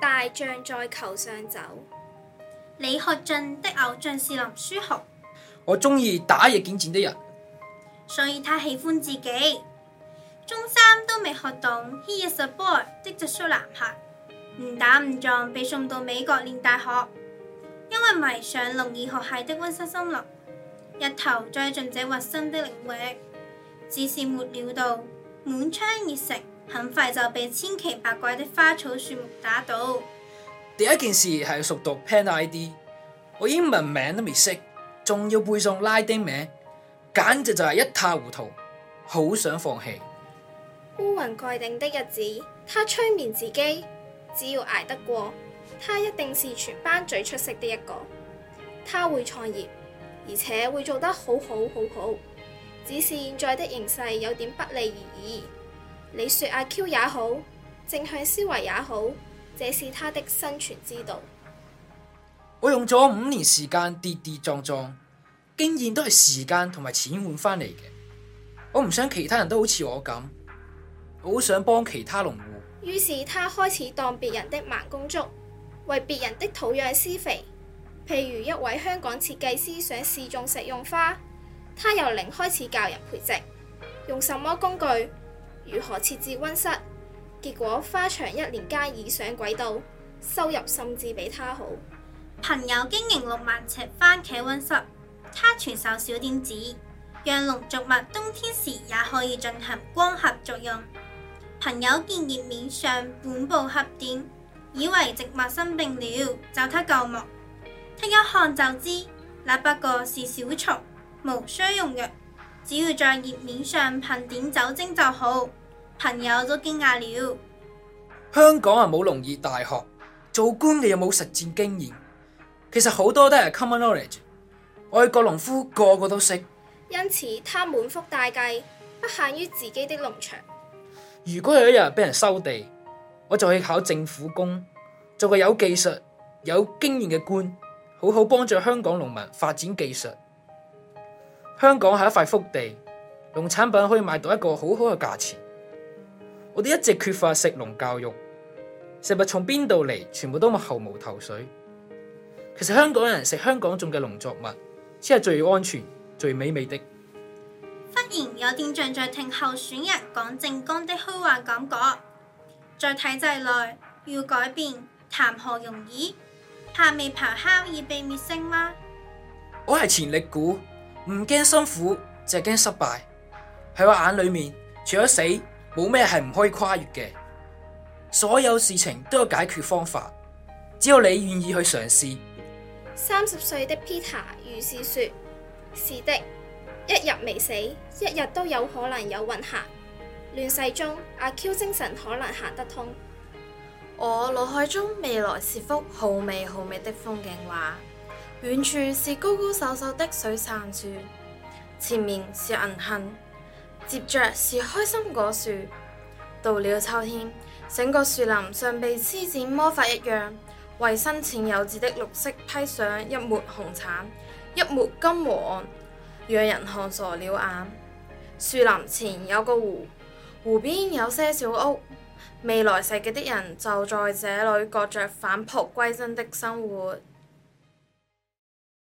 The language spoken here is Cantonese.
大象在球上走，李學俊的偶像是林書豪。我中意打野劍戰的人，所以他喜歡自己。中三都未學懂，He is a boy 的直率男孩，誤打誤撞，被送到美國念大學，因為迷上農業學系的温室森林，日頭再進這滑森的領域，只是沒料到滿腔熱誠。很快就被千奇百怪的花草樹木打倒。第一件事係熟讀 pan ID，我英文名都未識，仲要背誦拉丁名，簡直就係一塌糊塗，好想放棄。烏雲蓋頂的日子，他催眠自己，只要捱得過，他一定是全班最出色的一個。他會創業，而且會做得好好好好，只是現在的形勢有點不利而已。你說阿 Q 也好，正向思維也好，這是他的生存之道。我用咗五年時間跌跌撞撞，經驗都係時間同埋錢換翻嚟嘅。我唔想其他人都好似我咁，好想幫其他農戶。於是他開始當別人的盲公竹，為別人的土壤施肥。譬如一位香港設計師想試種食用花，他由零開始教人培植，用什麼工具？如何設置溫室？結果花場一年間已上軌道，收入甚至比他好。朋友經營六萬尺番茄溫室，他傳授小點子，讓農作物冬天時也可以進行光合作用。朋友見葉面上本部黑點，以為植物生病了，找他救木。他一看就知，那不過是小蟲，無需用藥。只要在葉面上噴點酒精就好，朋友都驚訝了。香港啊冇農業大學，做官嘅又冇實戰經驗，其實好多都係 common knowledge。外國農夫個個都識，因此他滿腹大計，不限於自己的農場。如果有一日俾人收地，我就去考政府工，做個有技術、有經驗嘅官，好好幫助香港農民發展技術。香港係一塊福地，農產品可以買到一個好好嘅價錢。我哋一直缺乏食農教育，食物從邊度嚟，全部都係毫無頭緒。其實香港人食香港種嘅農作物，先係最安全、最美味的。忽然有點像在聽候選人講政綱的虛幻感覺，在體制內要改變，談何容易？怕未咆哮已被滅聲嗎？我係潛力股。唔驚辛苦，就係驚失敗。喺我眼裏面，除咗死，冇咩係唔可以跨越嘅。所有事情都有解決方法，只要你願意去嘗試。三十歲的 Peter 如是說：是的，一日未死，一日都有可能有運行。亂世中，阿 Q 精神可能行得通。Peter，得通我腦海中未來是幅好美好美的風景畫。遠處是高高瘦瘦的水杉樹，前面是銀杏，接著是開心果樹。到了秋天，整個樹林像被施展魔法一樣，為深淺有致的綠色披上一抹紅橙、一抹金黃，讓人看傻了眼。樹林前有個湖，湖邊有些小屋。未來世界的的人就在這裏過着返璞歸真的的生活。